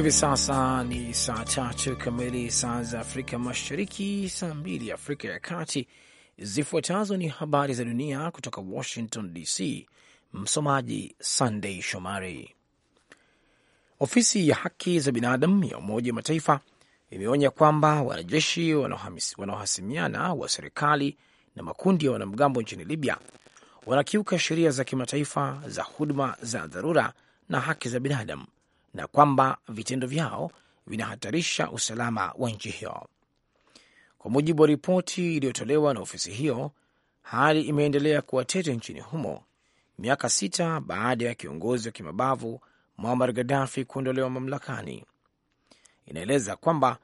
Hivi sasa ni saa tatu kamili saa za Afrika Mashariki, saa mbili Afrika ya Kati. Zifuatazo ni habari za dunia kutoka Washington DC. Msomaji Sandei Shomari. Ofisi ya haki za binadamu ya Umoja wa Mataifa imeonya kwamba wanajeshi wanaohasimiana wa serikali na makundi ya wanamgambo nchini Libya wanakiuka sheria za kimataifa za huduma za dharura na haki za binadamu na kwamba vitendo vyao vinahatarisha usalama wa nchi hiyo. Kwa mujibu wa ripoti iliyotolewa na ofisi hiyo, hali imeendelea kuwa tete nchini humo miaka sita baada ya kiongozi wa kimabavu Muammar Gaddafi kuondolewa mamlakani. Inaeleza kwamba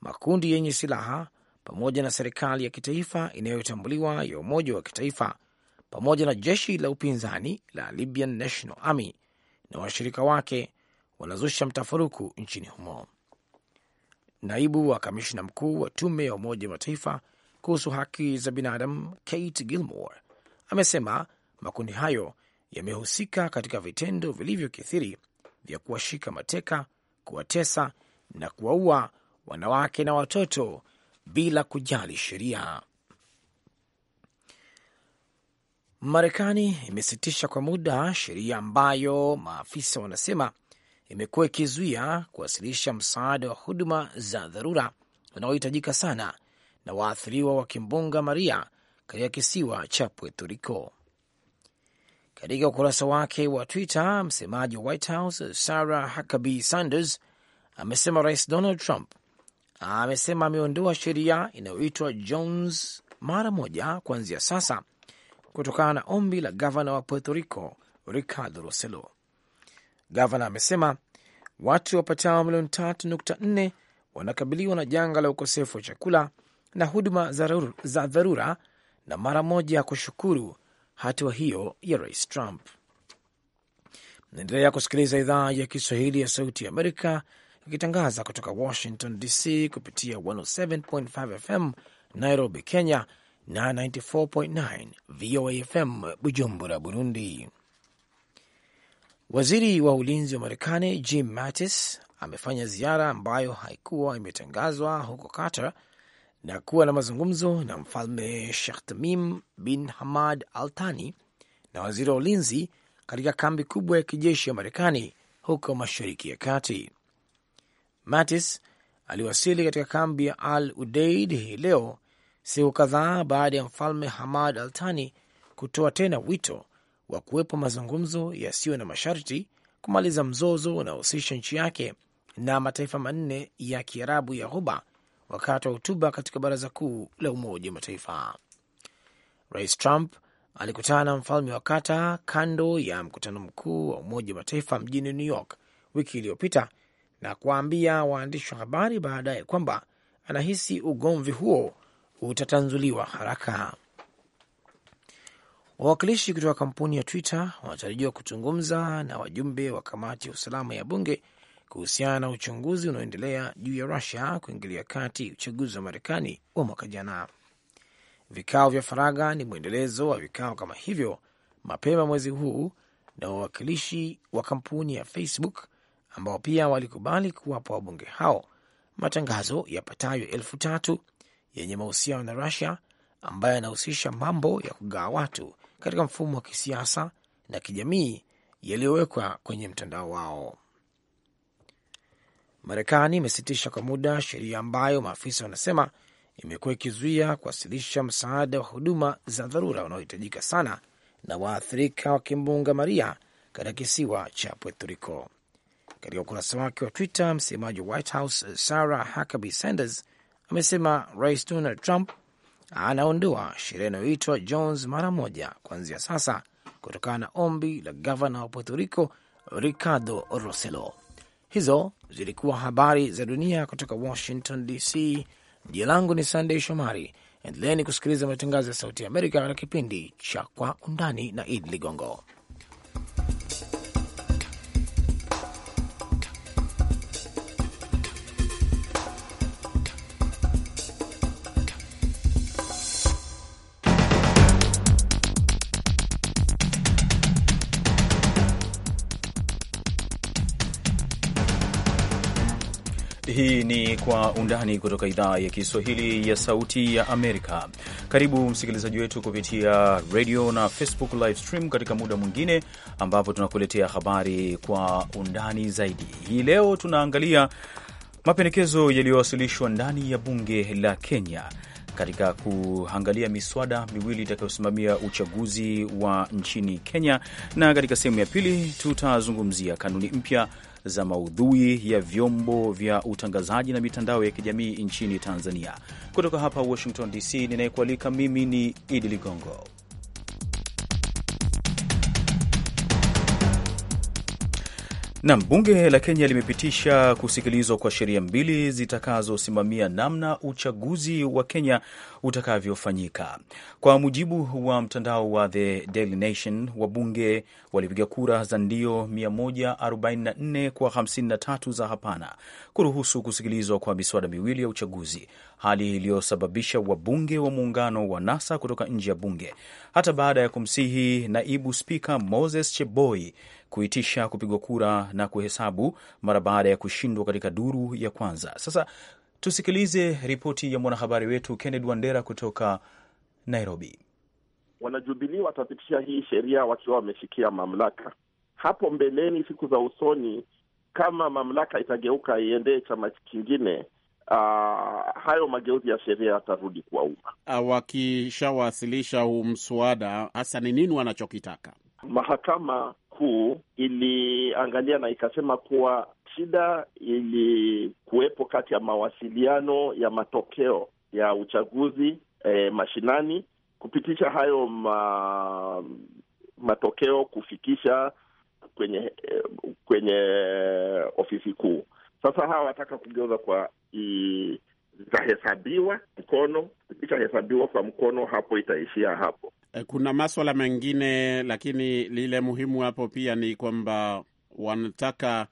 makundi yenye silaha pamoja na serikali ya kitaifa inayotambuliwa ya umoja wa kitaifa pamoja na jeshi la upinzani la Libyan National Army na washirika wake wanazusha mtafaruku nchini humo. Naibu wa kamishna mkuu wa tume ya Umoja wa Mataifa kuhusu haki za binadamu Kate Gilmore amesema makundi hayo yamehusika katika vitendo vilivyokithiri vya kuwashika mateka, kuwatesa na kuwaua wanawake na watoto bila kujali sheria. Marekani imesitisha kwa muda sheria ambayo maafisa wanasema imekuwa ikizuia kuwasilisha msaada wa huduma za dharura unaohitajika sana na waathiriwa wa kimbunga Maria katika kisiwa cha Puerto Rico. Katika ukurasa wake wa Twitter, msemaji wa White House Sarah Huckabee Sanders amesema Rais Donald Trump amesema ameondoa sheria inayoitwa Jones mara moja kuanzia sasa kutokana na ombi la gavana wa Puerto Rico Ricardo roselo Gavana amesema watu wapatao milioni tatu nukta nne wanakabiliwa na janga la ukosefu wa chakula na huduma za dharura, na mara moja kushukuru hatua hiyo ya Rais Trump. Naendelea kusikiliza idhaa ya Kiswahili ya Sauti ya Amerika ikitangaza kutoka Washington DC kupitia 107.5 FM Nairobi, Kenya na 94.9 VOA FM Bujumbura, Burundi. Waziri wa ulinzi wa Marekani Jim Mattis amefanya ziara ambayo haikuwa imetangazwa huko Qatar na kuwa na mazungumzo na mfalme Sheikh Tamim bin Hamad Al Thani na waziri wa ulinzi katika kambi kubwa ya kijeshi ya Marekani huko Mashariki ya Kati. Mattis aliwasili katika kambi ya Al Udeid hii leo, siku kadhaa baada ya mfalme Hamad Al Thani kutoa tena wito wa kuwepo mazungumzo yasiyo na masharti kumaliza mzozo unaohusisha nchi yake na mataifa manne ya Kiarabu ya Ghuba wakati wa hotuba katika Baraza Kuu la Umoja wa Mataifa. Rais Trump alikutana na mfalme wa Kata kando ya mkutano mkuu wa Umoja wa Mataifa mjini New York wiki iliyopita na kuwaambia waandishi wa habari baadaye kwamba anahisi ugomvi huo utatanzuliwa haraka. Wawakilishi kutoka kampuni ya Twitter wanatarajiwa kuzungumza na wajumbe wa kamati ya usalama ya bunge kuhusiana na uchunguzi unaoendelea juu ya Rusia kuingilia kati uchaguzi wa Marekani wa mwaka jana. Vikao vya faragha ni mwendelezo wa vikao kama hivyo mapema mwezi huu na wawakilishi wa kampuni ya Facebook ambao pia walikubali kuwapa wabunge hao matangazo yapatayo elfu tatu yenye mahusiano na Rusia ambayo yanahusisha mambo ya kugawa watu katika mfumo wa kisiasa na kijamii yaliyowekwa kwenye mtandao wao. Marekani imesitisha kwa muda sheria ambayo maafisa wanasema imekuwa ikizuia kuwasilisha msaada wa huduma za dharura unaohitajika sana na waathirika wa kimbunga Maria katika kisiwa cha Puerto Rico. Katika ukurasa wake wa Twitter, msemaji wa White House Sarah Huckabee Sanders amesema Rais Donald Trump anaondoa sheria inayoitwa Jones mara moja kuanzia sasa kutokana na ombi la gavana wa Puerto Rico Ricardo Roselo. Hizo zilikuwa habari za dunia kutoka Washington DC. Jina langu ni Sandey Shomari. Endeleeni kusikiliza matangazo ya Sauti ya Amerika katika kipindi cha Kwa Undani na Idi Ligongo. Kwa Undani kutoka idhaa ya Kiswahili ya Sauti ya Amerika. Karibu msikilizaji wetu kupitia radio na Facebook live stream katika muda mwingine ambapo tunakuletea habari kwa undani zaidi. Hii leo tunaangalia mapendekezo yaliyowasilishwa ndani ya bunge la Kenya katika kuangalia miswada miwili itakayosimamia uchaguzi wa nchini Kenya, na katika sehemu ya pili tutazungumzia kanuni mpya za maudhui ya vyombo vya utangazaji na mitandao ya kijamii nchini Tanzania. Kutoka hapa Washington DC, ninayekualika mimi ni Idi Ligongo. Nam, bunge la Kenya limepitisha kusikilizwa kwa sheria mbili zitakazosimamia namna uchaguzi wa Kenya utakavyofanyika. Kwa mujibu wa mtandao wa The Daily Nation, wabunge walipiga kura za ndio 144 kwa 53 za hapana kuruhusu kusikilizwa kwa miswada miwili ya uchaguzi, hali iliyosababisha wabunge wa muungano wa NASA kutoka nje ya bunge hata baada ya kumsihi naibu spika Moses Cheboi kuitisha kupigwa kura na kuhesabu mara baada ya kushindwa katika duru ya kwanza. Sasa tusikilize ripoti ya mwanahabari wetu kenned Wandera kutoka Nairobi. Wanajubilii watapitisha hii sheria wakiwa wameshikia mamlaka. Hapo mbeleni, siku za usoni, kama mamlaka itageuka iendee chama kingine, uh, hayo mageuzi ya sheria yatarudi kwa umma. Wakishawasilisha huu mswada, hasa ni nini wanachokitaka? Mahakama kuu iliangalia na ikasema kuwa shida ilikuwepo kati ya mawasiliano ya matokeo ya uchaguzi e, mashinani kupitisha hayo ma, matokeo kufikisha kwenye kwenye ofisi kuu. Sasa hawa wataka kugeuza kwa zitahesabiwa mkono, ikishahesabiwa kwa mkono hapo itaishia hapo. Eh, kuna maswala mengine, lakini lile muhimu hapo pia ni kwamba wanataka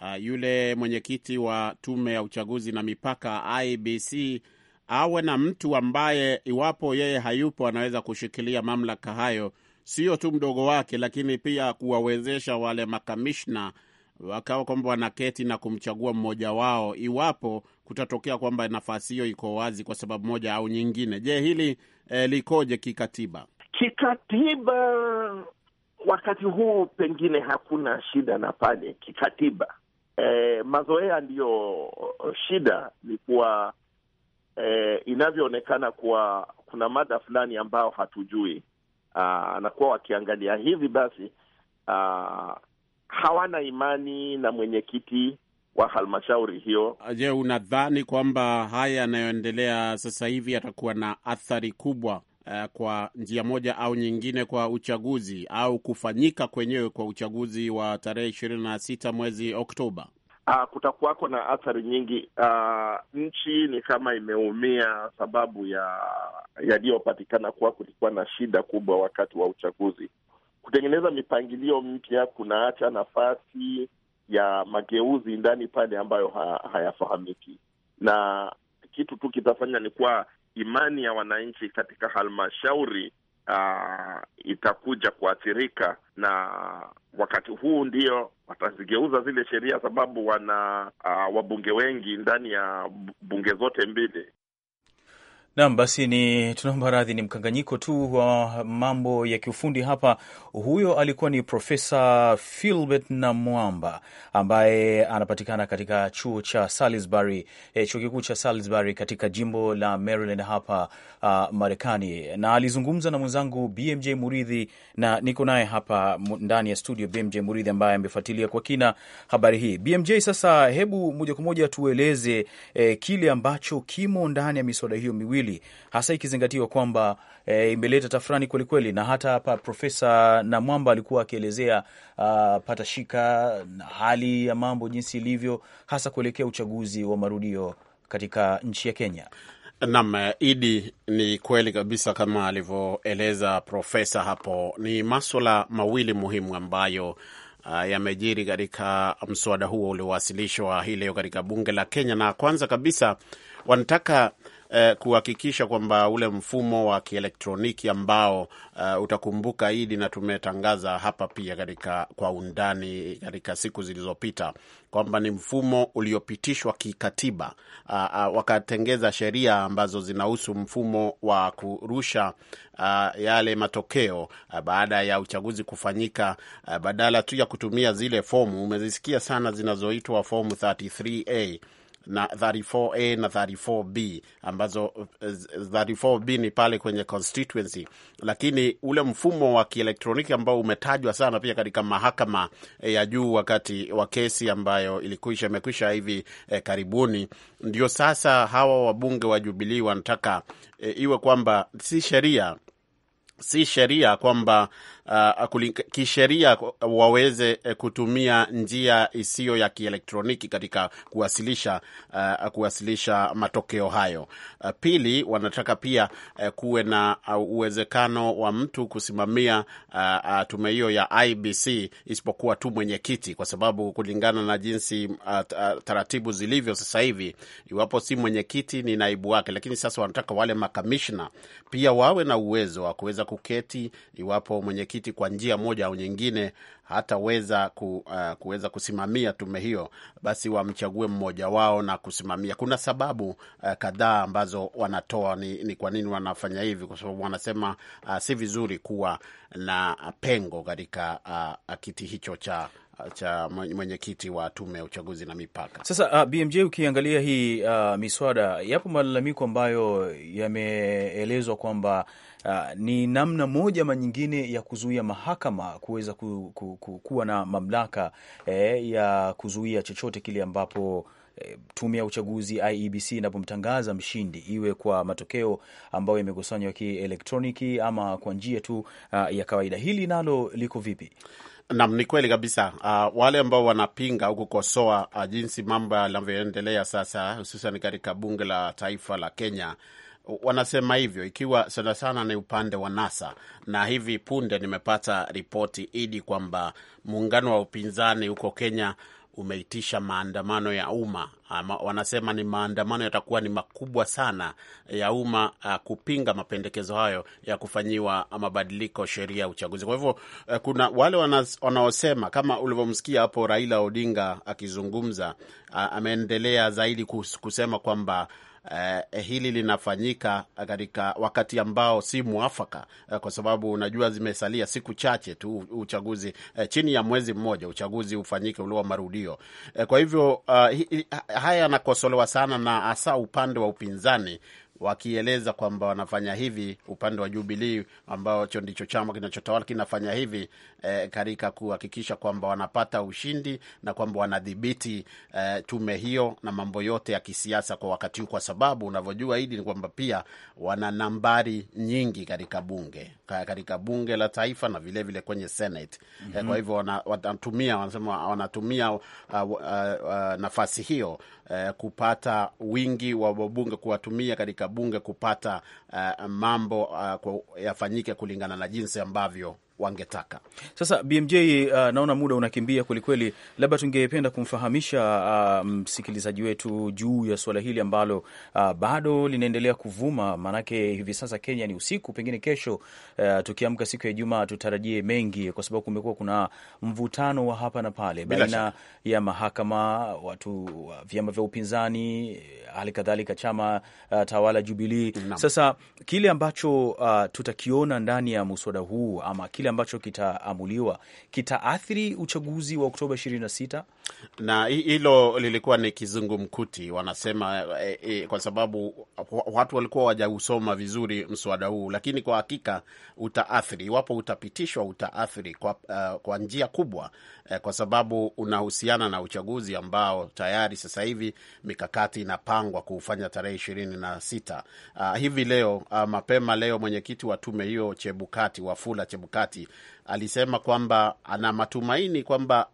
uh, yule mwenyekiti wa tume ya uchaguzi na mipaka IBC awe na mtu ambaye iwapo yeye hayupo anaweza kushikilia mamlaka hayo, sio tu mdogo wake, lakini pia kuwawezesha wale makamishna wakawa kwamba wanaketi na kumchagua mmoja wao iwapo kutatokea kwamba nafasi hiyo iko wazi kwa sababu moja au nyingine. Je, hili eh, likoje kikatiba? Kikatiba wakati huu pengine hakuna shida na pale kikatiba. E, eh, mazoea ndiyo shida ni kuwa e, inavyoonekana kuwa kuna mada fulani ambao hatujui anakuwa ah, wakiangalia hivi basi aa, ah, hawana imani na mwenyekiti wa halmashauri hiyo. Ah, je, unadhani kwamba haya yanayoendelea sasa hivi yatakuwa na athari kubwa Eh, kwa njia moja au nyingine kwa uchaguzi au kufanyika kwenyewe kwa uchaguzi wa tarehe ishirini na sita mwezi Oktoba? Uh, kutakuwako na athari nyingi. Uh, nchi ni kama imeumia sababu ya yaliyopatikana kuwa kulikuwa na shida kubwa wakati wa uchaguzi. Kutengeneza mipangilio mpya kunaacha nafasi ya mageuzi ndani pale ambayo ha, hayafahamiki, na kitu tu kitafanya ni kuwa imani ya wananchi katika halmashauri uh, itakuja kuathirika, na wakati huu ndio watazigeuza zile sheria, sababu wana uh, wabunge wengi ndani ya bunge zote mbili. Naam, basi ni tunaomba radhi, ni mkanganyiko tu wa mambo ya kiufundi hapa. Huyo alikuwa ni Profesa Philbert Namwamba ambaye anapatikana katika chuo cha Salisbury, eh, chuo kikuu cha Salisbury katika jimbo la Maryland hapa uh, Marekani, na alizungumza na mwenzangu BMJ Muridhi na niko naye hapa ndani ya studio BMJ Muridhi ambaye amefuatilia kwa kina habari hii. BMJ, sasa hebu moja kwa moja tueleze eh, kile ambacho kimo ndani ya miswada hiyo miwili hili, hasa ikizingatiwa kwamba e, imeleta tafrani kwelikweli, na hata hapa Profesa Namwamba alikuwa akielezea ah, patashika na hali ya mambo jinsi ilivyo, hasa kuelekea uchaguzi wa marudio katika nchi ya Kenya. Nam Idi, ni kweli kabisa kama alivyoeleza profesa hapo. Ni maswala mawili muhimu ambayo Uh, yamejiri katika mswada huo uliowasilishwa hii leo katika bunge la Kenya, na kwanza kabisa wanataka eh, kuhakikisha kwamba ule mfumo wa kielektroniki ambao eh, utakumbuka Idi, na tumetangaza hapa pia katika kwa undani katika siku zilizopita kwamba ni mfumo uliopitishwa kikatiba, ah, ah, wakatengeza sheria ambazo zinahusu mfumo wa kurusha a, ah, yale matokeo a, baada ya uchaguzi kufanyika a, badala tu ya kutumia zile fomu umezisikia sana zinazoitwa fomu 33A na 34A na 34B ambazo 34B eh, ni pale kwenye constituency, lakini ule mfumo wa kielektroniki ambao umetajwa sana pia katika mahakama eh, ya juu wakati wa kesi ambayo ilikuisha imekwisha hivi eh, karibuni, ndio sasa hawa wabunge wa Jubilii wanataka eh, iwe kwamba si sheria si sheria kwamba uh, kisheria waweze eh, kutumia njia isiyo ya kielektroniki katika kuwasilisha uh, kuwasilisha matokeo hayo. Uh, pili, wanataka pia uh, kuwe na uh, uwezekano wa mtu kusimamia uh, uh, tume hiyo ya IBC isipokuwa tu mwenyekiti, kwa sababu kulingana na jinsi uh, taratibu zilivyo sasa hivi, iwapo si mwenyekiti ni naibu wake. Lakini sasa wanataka wale makamishna pia wawe na uwezo wa kuweza kuketi iwapo mwenyekiti mwenyekiti kwa njia moja au nyingine hataweza ku, uh, kuweza kusimamia tume hiyo, basi wamchague mmoja wao na kusimamia. Kuna sababu uh, kadhaa ambazo wanatoa ni, ni kwa nini wanafanya hivi, kwa sababu wanasema uh, si vizuri kuwa na pengo katika uh, kiti hicho cha Uh, cha mwenyekiti wa tume ya uchaguzi na mipaka. Sasa uh, BMJ ukiangalia hii uh, miswada, yapo malalamiko ambayo yameelezwa kwamba uh, ni namna moja ama nyingine ya kuzuia mahakama kuweza ku, ku, ku, kuwa na mamlaka eh, ya kuzuia chochote kile ambapo eh, tume ya uchaguzi IEBC inapomtangaza mshindi, iwe kwa matokeo ambayo yamekusanywa kielektroniki ama kwa njia tu uh, ya kawaida. Hili nalo liko vipi? Nam, ni kweli kabisa. Uh, wale ambao wanapinga au kukosoa uh, jinsi mambo yanavyoendelea sasa, hususan katika bunge la taifa la Kenya wanasema hivyo, ikiwa sana sana ni upande wa NASA. Na hivi punde nimepata ripoti idi kwamba muungano wa upinzani huko Kenya umeitisha maandamano ya umma ama wanasema ni maandamano yatakuwa ni makubwa sana ya umma uh, kupinga mapendekezo hayo ya kufanyiwa mabadiliko sheria ya uchaguzi. Kwa hivyo uh, kuna wale wanaosema kama ulivyomsikia hapo Raila Odinga akizungumza, uh, ameendelea zaidi kusema kwamba Eh, eh, hili linafanyika katika wakati ambao si mwafaka eh, kwa sababu unajua zimesalia siku chache tu uchaguzi, eh, chini ya mwezi mmoja uchaguzi ufanyike ule wa marudio eh, kwa hivyo uh, haya yanakosolewa sana na hasa upande wa upinzani wakieleza kwamba wanafanya hivi upande wa Jubilii, ambacho ndicho chama kinachotawala kinafanya hivi e, katika kuhakikisha kwamba wanapata ushindi na kwamba wanadhibiti e, tume hiyo na mambo yote ya kisiasa kwa wakati huu, kwa sababu unavyojua hili ni kwamba pia wana nambari nyingi katika bunge katika bunge la taifa na vilevile vile kwenye Senate mm -hmm. Kwa mhm. hivyo wanatumia wanasema wanatumia uh, uh, uh, nafasi hiyo eh, kupata wingi wa wabunge kuwatumia katika bunge kupata eh, mambo eh, yafanyike kulingana na jinsi ambavyo wangetaka. Sasa BMJ, uh, naona muda unakimbia kwelikweli, labda tungependa kumfahamisha uh, msikilizaji wetu juu ya suala hili ambalo uh, bado linaendelea kuvuma, maanake hivi sasa Kenya ni usiku, pengine kesho uh, tukiamka siku ya Ijumaa tutarajie mengi, kwa sababu kumekuwa kuna mvutano wa hapa na pale baina ya mahakama, watu, vyama vya upinzani, hali kadhalika chama uh, tawala Jubilii. Sasa kile ambacho uh, tutakiona ndani ya muswada huu ama kile kile ambacho kitaamuliwa kitaathiri uchaguzi wa Oktoba 26? Na hilo lilikuwa ni kizungumkuti wanasema, e, e, kwa sababu watu walikuwa wajausoma vizuri mswada huu, lakini kwa hakika utaathiri, iwapo utapitishwa, utaathiri kwa, uh, kwa njia kubwa uh, kwa sababu unahusiana na uchaguzi ambao tayari sasa hivi mikakati inapangwa kuufanya tarehe ishirini na sita. Uh, hivi leo uh, mapema leo mwenyekiti wa tume hiyo Chebukati Wafula Chebukati kati alisema kwamba ana matumaini kwamba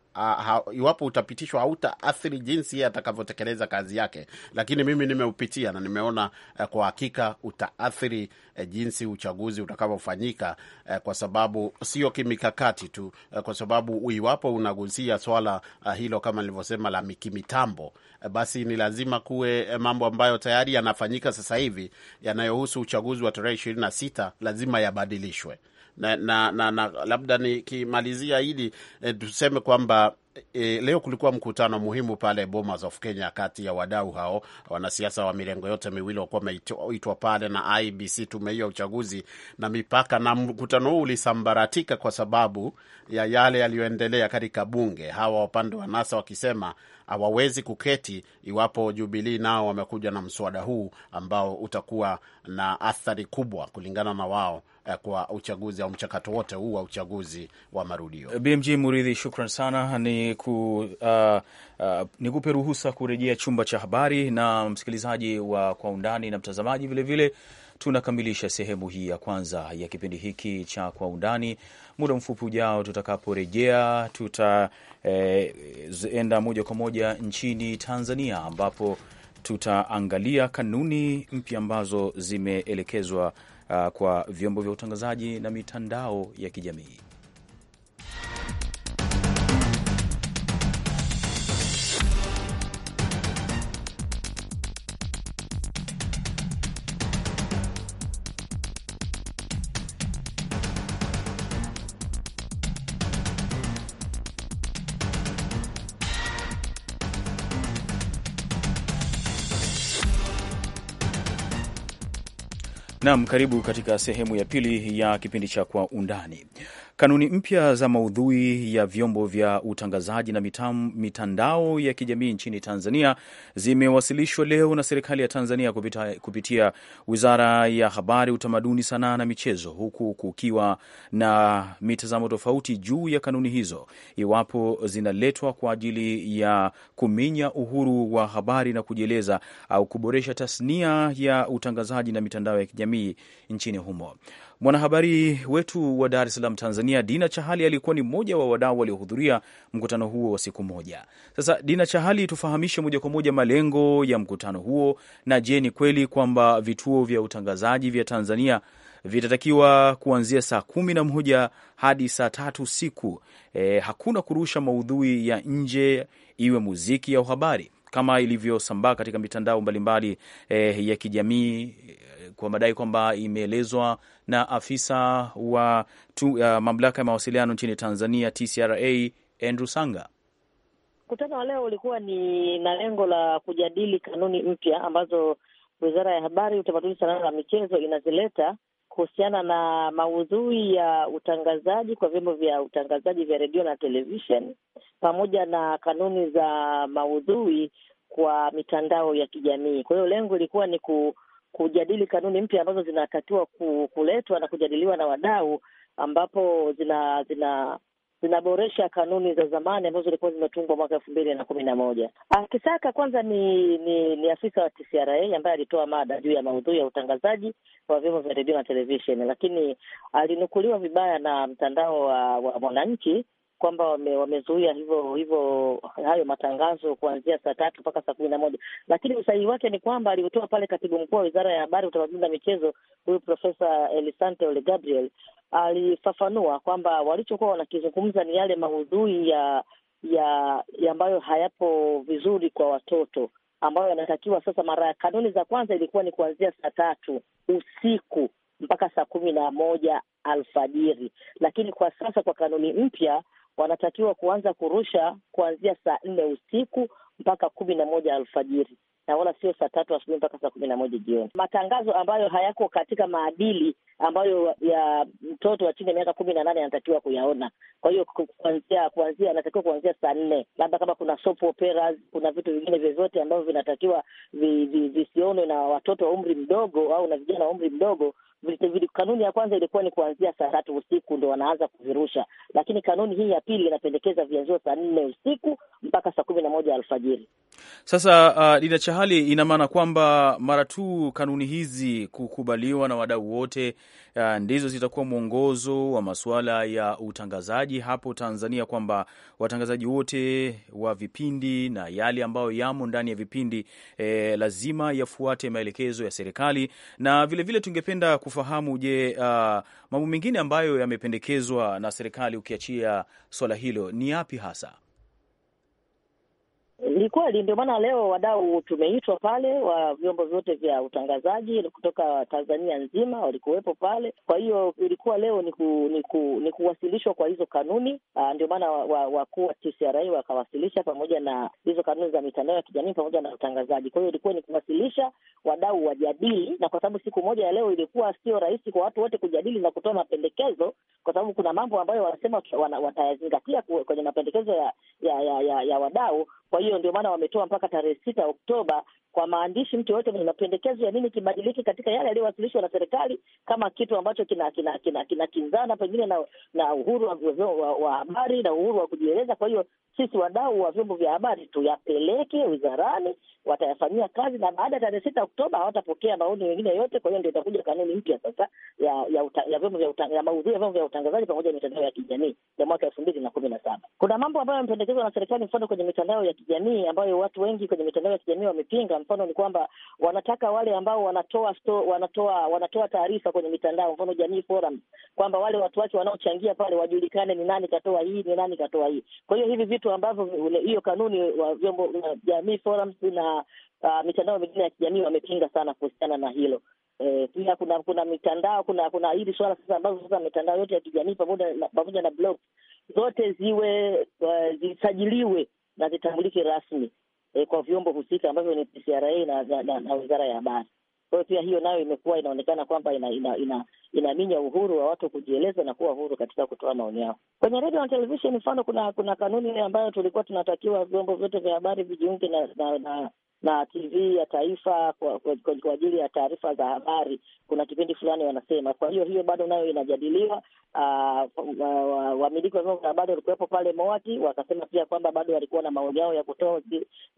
iwapo utapitishwa hautaathiri jinsi atakavyotekeleza kazi yake, lakini mimi nimeupitia na nimeona uh, kwa hakika utaathiri uh, jinsi uchaguzi utakavyofanyika e, kwa sababu sio kimikakati tu uh, kwa sababu iwapo unagusia swala uh, hilo kama nilivyosema la mikimitambo basi ni lazima kuwe mambo ambayo tayari yanafanyika sasa hivi yanayohusu uchaguzi wa tarehe ishirini na sita lazima yabadilishwe na, na, na, na labda nikimalizia hili eh, tuseme kwamba E, leo kulikuwa mkutano muhimu pale Bomas of Kenya kati ya wadau hao, wanasiasa wa mirengo yote miwili wakuwa wameitwa pale na IBC, tume hiyo ya uchaguzi na mipaka, na mkutano huu ulisambaratika kwa sababu ya yale yaliyoendelea katika bunge, hawa upande wa NASA wakisema hawawezi kuketi iwapo Jubilii nao wamekuja na mswada huu ambao utakuwa na athari kubwa kulingana na wao Eh, kwa uchaguzi au mchakato wote huu wa uchaguzi wa marudio. Eh, BMJ Muridhi, shukran sana. Ni, ku, uh, uh, ni kupe ruhusa kurejea chumba cha habari na msikilizaji wa kwa undani na mtazamaji vilevile vile. Tunakamilisha sehemu hii ya kwanza ya kipindi hiki cha kwa undani. Muda mfupi ujao, tutakaporejea tutaenda eh, moja kwa moja nchini Tanzania ambapo tutaangalia kanuni mpya ambazo zimeelekezwa uh, kwa vyombo vya utangazaji na mitandao ya kijamii. Naam, karibu katika sehemu ya pili ya kipindi cha Kwa Undani. Kanuni mpya za maudhui ya vyombo vya utangazaji na mitam, mitandao ya kijamii nchini Tanzania zimewasilishwa leo na serikali ya Tanzania kupita, kupitia Wizara ya Habari, Utamaduni, Sanaa na Michezo, huku kukiwa na mitazamo tofauti juu ya kanuni hizo, iwapo zinaletwa kwa ajili ya kuminya uhuru wa habari na kujieleza au kuboresha tasnia ya utangazaji na mitandao ya kijamii nchini humo. Mwanahabari wetu wa Dar es Salaam, Tanzania, Dina Chahali alikuwa ni mmoja wa wadau waliohudhuria mkutano huo wa siku moja. Sasa Dina Chahali, tufahamishe moja kwa moja malengo ya mkutano huo, na je, ni kweli kwamba vituo vya utangazaji vya Tanzania vitatakiwa kuanzia saa kumi na moja hadi saa tatu siku? E, hakuna kurusha maudhui ya nje, iwe muziki au habari kama ilivyosambaa katika mitandao mbalimbali mbali, e, eh, ya kijamii e, kwa madai kwamba imeelezwa na afisa wa tu, uh, mamlaka ya mawasiliano nchini Tanzania TCRA Andrew Sanga. Mkutano wa leo ulikuwa ni na lengo la kujadili kanuni mpya ambazo Wizara ya Habari, Utamaduni, Sanaa na Michezo inazileta kuhusiana na maudhui ya utangazaji kwa vyombo vya utangazaji vya redio na televishen pamoja na kanuni za maudhui kwa mitandao ya kijamii. Kwa hiyo lengo ilikuwa ni ku kujadili kanuni mpya ambazo zinatakiwa kuletwa na kujadiliwa na wadau, ambapo zina zina zinaboresha kanuni za zamani ambazo zilikuwa zimetungwa mwaka elfu mbili na kumi na moja. Ah, Kisaka kwanza ni ni, ni afisa wa TCRA ambaye alitoa mada juu ya maudhui ya utangazaji wa vyombo vya redio na televisheni, lakini alinukuliwa vibaya na mtandao wa, wa Mwananchi kwamba wame, wamezuia hivyo hivyo hayo matangazo kuanzia saa tatu mpaka saa kumi na moja, lakini usahihi wake ni kwamba aliutoa pale katibu mkuu wa wizara ya habari, utamaduni na michezo, huyu Profesa Elisante Ole Gabriel alifafanua kwamba walichokuwa wanakizungumza ni yale maudhui ya ya ambayo hayapo vizuri kwa watoto ambayo yanatakiwa sasa. Mara ya kanuni za kwanza ilikuwa ni kuanzia saa tatu usiku mpaka saa kumi na moja alfajiri, lakini kwa sasa kwa kanuni mpya wanatakiwa kuanza kurusha kuanzia saa nne usiku mpaka kumi na moja alfajiri na wala sio saa tatu asubuhi mpaka saa kumi na moja jioni. Matangazo ambayo hayako katika maadili ambayo ya mtoto wa chini ya miaka kumi na nane anatakiwa kuyaona. Kwa hiyo kuanzia kuanzia anatakiwa kuanzia saa nne, labda kama kuna soap operas, kuna vitu vingine vyovyote ambavyo vinatakiwa visionwe vi, vi na watoto wa umri mdogo au na vijana wa umri mdogo Kanuni ya kwanza ilikuwa ni kuanzia saa tatu usiku ndo wanaanza kuvirusha, lakini kanuni hii ya pili inapendekeza vianzio saa nne usiku mpaka saa kumi na moja alfajiri. Sasa uh, hali ina maana kwamba mara tu kanuni hizi kukubaliwa na wadau wote, uh, ndizo zitakuwa mwongozo wa masuala ya utangazaji hapo Tanzania, kwamba watangazaji wote wa vipindi na yale ambayo yamo ndani ya vipindi e, lazima yafuate maelekezo ya serikali. Na vilevile vile tungependa kufahamu, je, uh, mambo mengine ambayo yamependekezwa na serikali ukiachia swala hilo ni yapi hasa? Eh, ni kweli, ndio maana leo wadau tumeitwa pale, wa vyombo vyote vya utangazaji kutoka Tanzania nzima walikuwepo pale. Kwa hiyo ilikuwa leo ni, ku, ni, ku, ni kuwasilishwa kwa hizo kanuni, ah, ndio maana wakuu wa, wa TCRA wakawasilisha pamoja na hizo kanuni za mitandao ya kijamii pamoja na utangazaji. Kwa hiyo ilikuwa ni kuwasilisha, wadau wajadili, na kwa sababu siku moja ya leo ilikuwa sio rahisi kwa watu wote kujadili na kutoa mapendekezo, kwa sababu kuna mambo ambayo wanasema watayazingatia kwenye mapendekezo ya, ya, ya, ya, ya wadau. Kwa hiyo ndio ndio maana wametoa mpaka tarehe sita Oktoba kwa maandishi mtu yoyote mwenye mapendekezo ya nini kibadiliki katika yale yaliyowasilishwa na serikali, kama kitu ambacho kina kina kina kinakinzana pengine na, na uhuru wa habari na uhuru wa kujieleza. Kwa hiyo sisi wadau wa vyombo vya habari tuyapeleke wizarani, watayafanyia kazi, na baada ya tarehe sita Oktoba hawatapokea maoni mengine yote. Kwa hiyo ndio itakuja kanuni mpya sasa ya ya maudhui ya vyombo vya utangazaji pamoja na mitandao ya kijamii ya mwaka elfu mbili na kumi na saba. Kuna mambo ambayo yamependekezwa na serikali, mfano kwenye mitandao ya kijamii ambayo watu wengi kwenye mitandao ya kijamii wamepinga mfano ni kwamba wanataka wale ambao wanatoa sto, wanatoa wanatoa taarifa kwenye mitandao, mfano Jamii Forum, kwamba wale watu wake wanaochangia pale wajulikane ni nani katoa hii, ni nani katoa hii. Kwa hiyo hivi vitu ambavyo hiyo kanuni wa vyombo Jamii Forum na uh, mitandao mingine ya kijamii wamepinga sana kuhusiana na hilo. E, pia kuna kuna mitandao kuna kuna hili swala sasa, ambazo sasa mitandao yote ya kijamii pamoja na pamoja na blog zote ziwe uh, zisajiliwe na zitambulike rasmi e, kwa vyombo husika ambavyo ni TCRA na, na, na, na wizara ya habari. Kwa hiyo pia hiyo nayo imekuwa inaonekana kwamba inaminya ina, ina, ina uhuru wa watu kujieleza na kuwa huru katika kutoa maoni yao kwenye redio na televisheni. Mfano, kuna kuna kanuni ambayo tulikuwa tunatakiwa vyombo vyote vya habari vijiunge na, na, na na TV ya taifa kwa, kwa, kwa, ajili ya taarifa za habari. Kuna kipindi fulani wanasema, kwa hiyo hiyo bado nayo inajadiliwa. Ah, wamiliki wa vyombo vya habari walikuwepo pale moati wakasema pia kwamba bado walikuwa na maoni yao ya kutoa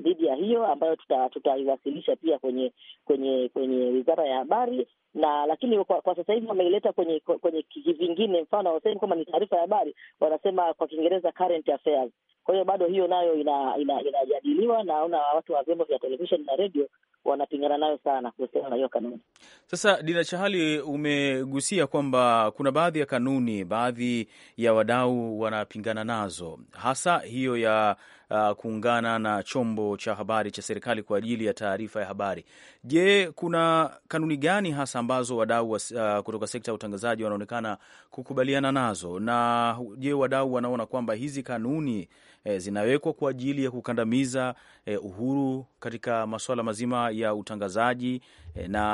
dhidi ya hiyo ambayo tutaiwasilisha tuta pia kwenye kwenye kwenye wizara ya habari na lakini kwa, kwa sasa hivi wameileta kwenye kwenye vingine mfano hawasemi kwamba ni taarifa ya habari, wanasema kwa Kiingereza current affairs. Kwa hiyo bado hiyo nayo inajadiliwa, ina, ina naona watu wa vyombo vya televisheni na redio wanapingana nayo sana kuhusiana na hiyo kanuni. Sasa Dina Chahali, umegusia kwamba kuna baadhi ya kanuni, baadhi ya wadau wanapingana nazo, hasa hiyo ya uh, kuungana na chombo cha habari cha serikali kwa ajili ya taarifa ya habari. Je, kuna kanuni gani hasa ambazo wadau uh, kutoka sekta ya utangazaji wanaonekana kukubaliana nazo, na je, wadau wanaona kwamba hizi kanuni eh, zinawekwa kwa ajili ya kukandamiza eh, uhuru katika masuala mazima ya utangazaji Eh, na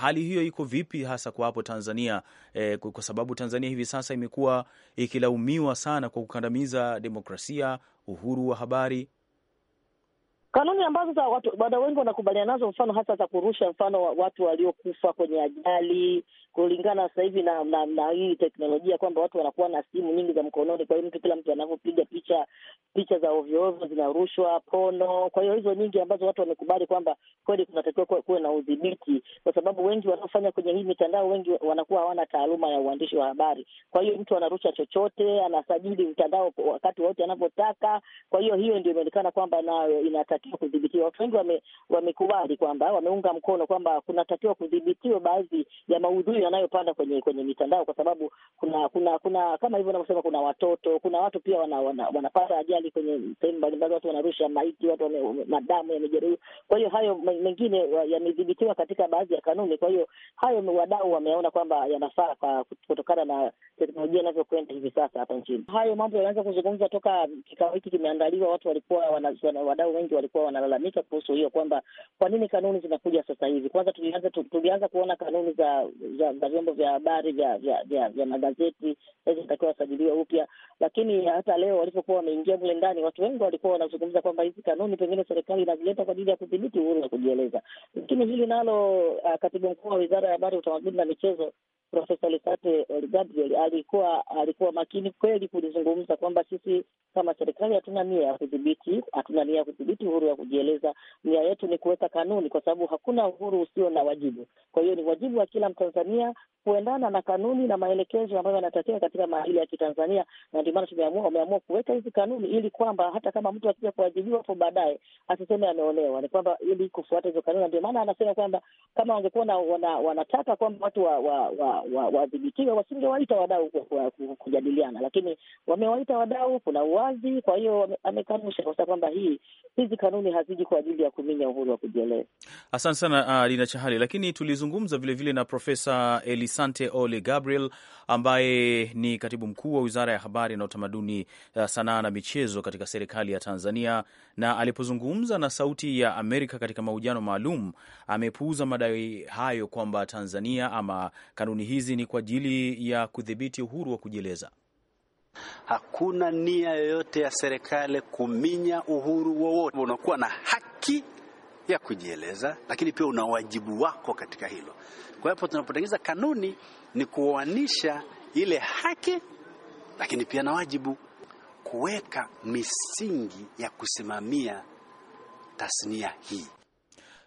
hali hiyo iko vipi hasa kwa hapo Tanzania? E, kwa sababu Tanzania hivi sasa imekuwa ikilaumiwa sana kwa kukandamiza demokrasia, uhuru wa habari kanuni ambazo za watu wengi wanakubaliana nazo, mfano hasa za kurusha, mfano watu waliokufa kwenye ajali kulingana sasa hivi na, na, na hii teknolojia kwamba watu wanakuwa na simu nyingi za mkononi. Kwa hiyo mtu kila mtu anavyopiga picha picha za ovyoovyo zinarushwa pono. Kwa hiyo hizo nyingi ambazo watu wamekubali kwamba kweli kunatakiwa kuwe na udhibiti, kwa sababu wengi wanaofanya kwenye hii mitandao wengi wanakuwa hawana taaluma ya uandishi wa habari. Kwa hiyo mtu anarusha chochote, anasajili mtandao wakati wote anavyotaka. Kwa hiyo hiyo ndio imeonekana kwamba nayo inatakiwa kudhibitiwa. Watu wengi wamekubali wame kwamba wameunga mkono kwamba kunatakiwa kudhibitiwa baadhi ya maudhui yanayopanda kwenye kwenye mitandao, kwa sababu kuna kuna kuna kama hivyo unavyosema, kuna watoto, kuna watu pia wana, wana, wanapata ajali kwenye sehemu mbalimbali, watu wanarusha maiti, watu damu yamejeruhi. Kwa hiyo hayo mengine yamedhibitiwa katika baadhi ya kanuni. Kwa hiyo hayo wadau wameona kwamba yanafaa kwa kutokana na teknolojia inavyokwenda hivi sasa hapa nchini. Hayo mambo yanaanza kuzungumza toka kikao hiki kimeandaliwa, watu walikuwa wana, wadau wengi walikuwa wanalalamika kuhusu hiyo kwamba kwa nini kanuni zinakuja sasa hivi. Kwanza tulianza tulianza kuona kanuni za za za vyombo vya habari vya vya vya, vya magazeti sasa itakiwa wasajiliwe upya. Lakini hata leo walipokuwa wameingia mle ndani, watu wengi walikuwa wanazungumza kwamba hizi kanuni pengine serikali inazileta kwa ajili ya kudhibiti uhuru wa kujieleza. Lakini hili nalo, uh, katibu mkuu wa wizara ya habari, utamaduni na michezo Profesa Lisate Gabriel alikuwa alikuwa makini kweli kulizungumza kwamba sisi kama serikali hatuna nia ya kudhibiti, hatuna nia ya kudhibiti uhuru wa kujieleza. Nia yetu ni kuweka kanuni, kwa sababu hakuna uhuru usio na wajibu. Kwa hiyo ni wajibu wa kila Mtanzania Tanzania kuendana na kanuni na maelekezo ambayo yanatakiwa katika maadili ya Kitanzania, na ndio maana tumeamua, wameamua kuweka hizi kanuni ili kwamba hata kama mtu akija kuadhibiwa hapo baadaye asiseme ameolewa, ni kwamba ili kufuata hizo kanuni. Ndio maana anasema kwamba kama wangekuwa na wana, wanataka kwamba watu wadhibitiwe wa, wa, wa, wa wasingewaita wadau kujadiliana, lakini wamewaita wadau, kuna uwazi. Kwa hiyo amekanusha kusema kwamba hii hizi kanuni haziji kwa ajili ya kuminya uhuru wa kujieleza. Asante sana uh, Lina Chahali, lakini tulizungumza vilevile na profesa Elisante Ole Gabriel ambaye ni katibu mkuu wa Wizara ya Habari na Utamaduni, eh, Sanaa na Michezo katika serikali ya Tanzania. Na alipozungumza na Sauti ya Amerika katika mahojiano maalum, amepuuza madai hayo kwamba Tanzania ama kanuni hizi ni kwa ajili ya kudhibiti uhuru wa kujieleza. Hakuna nia yoyote ya serikali kuminya uhuru wowote. Unakuwa na haki ya kujieleza, lakini pia una wajibu wako katika hilo. Kwa hiyo tunapotengeza kanuni ni kuoanisha ile haki, lakini pia na wajibu, kuweka misingi ya kusimamia tasnia hii.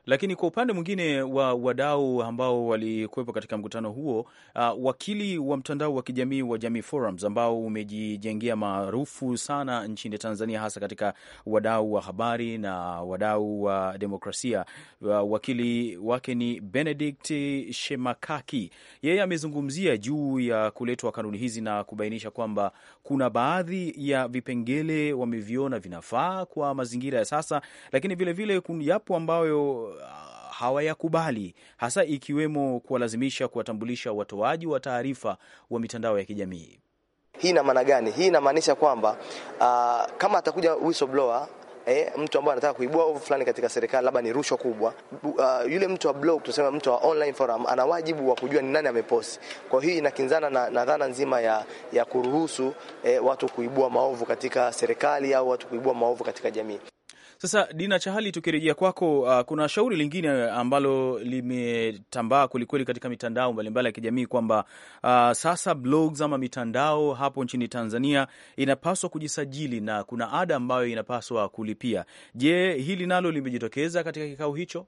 Lakini kwa upande mwingine wa wadau ambao walikuwepo katika mkutano huo, uh, wakili wa mtandao wa kijamii wa Jamii Forums ambao umejijengea maarufu sana nchini Tanzania, hasa katika wadau wa habari na wadau wa demokrasia, uh, wakili wake ni Benedict Shemakaki. Yeye amezungumzia juu ya kuletwa kanuni hizi na kubainisha kwamba kuna baadhi ya vipengele wameviona vinafaa kwa mazingira ya sasa, lakini vilevile yapo ambayo Uh, hawayakubali, hasa ikiwemo kuwalazimisha kuwatambulisha watoaji wa taarifa wa mitandao ya kijamii. Hii ina maana gani? Hii inamaanisha kwamba uh, kama atakuja whistleblower Eh, mtu ambaye anataka kuibua ovu fulani katika serikali labda ni rushwa kubwa. Uh, yule mtu wa blog tuseme, mtu wa online forum ana wajibu wa kujua ni nani ameposti. Kwa hiyo hii inakinzana na, na dhana nzima ya, ya kuruhusu eh, watu kuibua maovu katika serikali au watu kuibua maovu katika jamii. Sasa Dina Chahali, tukirejea kwako, uh, kuna shauri lingine ambalo limetambaa kwelikweli katika mitandao mbalimbali ya kijamii kwamba uh, sasa blogs ama mitandao hapo nchini Tanzania inapaswa kujisajili na kuna ada ambayo inapaswa kulipia. Je, hili nalo limejitokeza katika kikao hicho?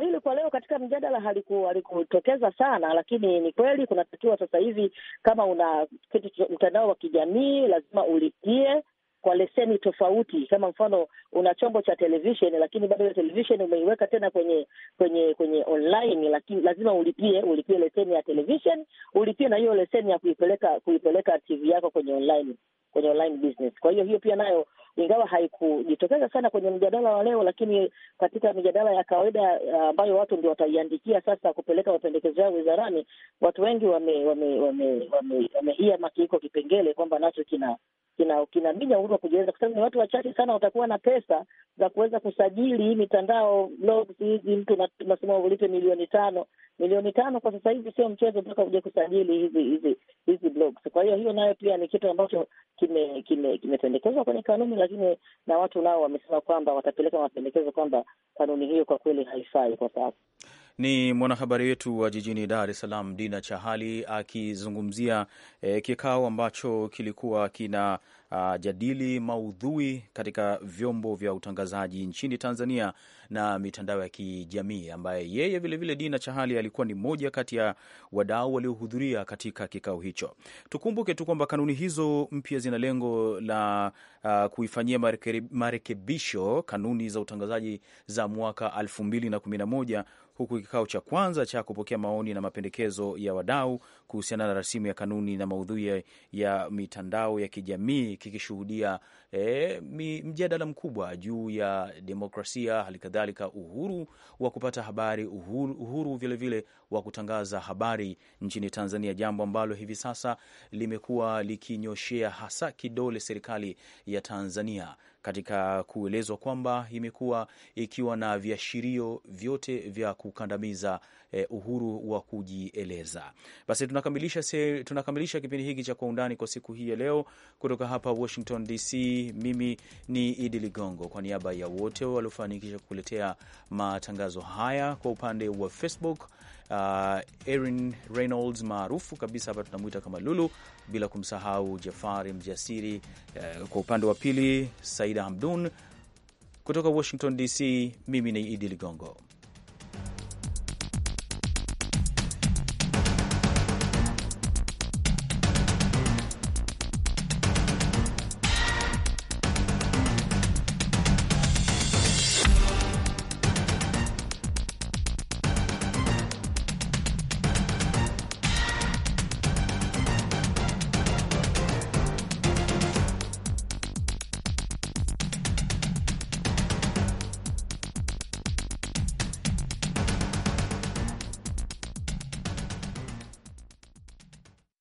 Hili kwa leo katika mjadala haliku- halikutokeza sana, lakini ni kweli kunatakiwa sasa hivi, kama una kitu mtandao wa kijamii lazima ulipie kwa leseni tofauti. Kama mfano una chombo cha television, lakini bado ile television umeiweka tena kwenye kwenye kwenye online, lakini lazima ulipie, ulipie leseni ya television, ulipie na hiyo leseni ya kuipeleka kuipeleka TV yako kwenye online kwenye online business. Kwa hiyo hiyo pia nayo ingawa haikujitokeza sana kwenye mjadala wa leo, lakini katika mijadala ya kawaida eh, ambayo watu ndio wataiandikia sasa kupeleka mapendekezo yao wizarani, watu wengi wamehia wame, wame, wame, wame makiiko kipengele kwamba nacho kina kina kinaminya uhuru wa kujieleza, kwa sababu ni watu wachache sana watakuwa na pesa za kuweza kusajili mitandao blogs hizi. Mtu unasema ulipe milioni tano, milioni tano kwa sasa hivi sio mchezo, mpaka uje kusajili hizi hizi hizi blogs. Kwa hiyo hiyo nayo pia ni kitu ambacho kimependekezwa kime, kimependekezwa kwenye kanuni, lakini na watu nao wamesema kwamba watapeleka mapendekezo kwamba kanuni hiyo kwa kweli haifai kwa sasa. Ni mwanahabari wetu wa jijini Dar es Salaam, Dina Chahali akizungumzia e, kikao ambacho kilikuwa kina a, jadili maudhui katika vyombo vya utangazaji nchini Tanzania na mitandao ya kijamii, ambaye yeye vilevile Dina Chahali alikuwa ni mmoja kati ya wadau waliohudhuria katika kikao hicho. Tukumbuke tu kwamba kanuni hizo mpya zina lengo la kuifanyia marekebisho kanuni za utangazaji za mwaka 2011 huku kikao cha kwanza cha kupokea maoni na mapendekezo ya wadau kuhusiana na rasimu ya kanuni na maudhui ya mitandao ya kijamii kikishuhudia e, mjadala mkubwa juu ya demokrasia, halikadhalika uhuru wa kupata habari, uhuru, uhuru vilevile wa kutangaza habari nchini Tanzania, jambo ambalo hivi sasa limekuwa likinyoshea hasa kidole serikali ya Tanzania katika kuelezwa kwamba imekuwa ikiwa na viashirio vyote vya kukandamiza eh, uhuru wa kujieleza. Basi tunakamilisha, se, tunakamilisha kipindi hiki cha Kwa Undani kwa siku hii ya leo kutoka hapa Washington DC. Mimi ni Idi Ligongo, kwa niaba ya wote waliofanikisha kukuletea matangazo haya kwa upande wa Facebook uh, Erin Reynolds maarufu kabisa hapa tunamwita kama Lulu, bila kumsahau Jafari Mjasiri uh, kwa upande wa pili, Saida Hamdun kutoka Washington DC. Mimi ni Idi Ligongo.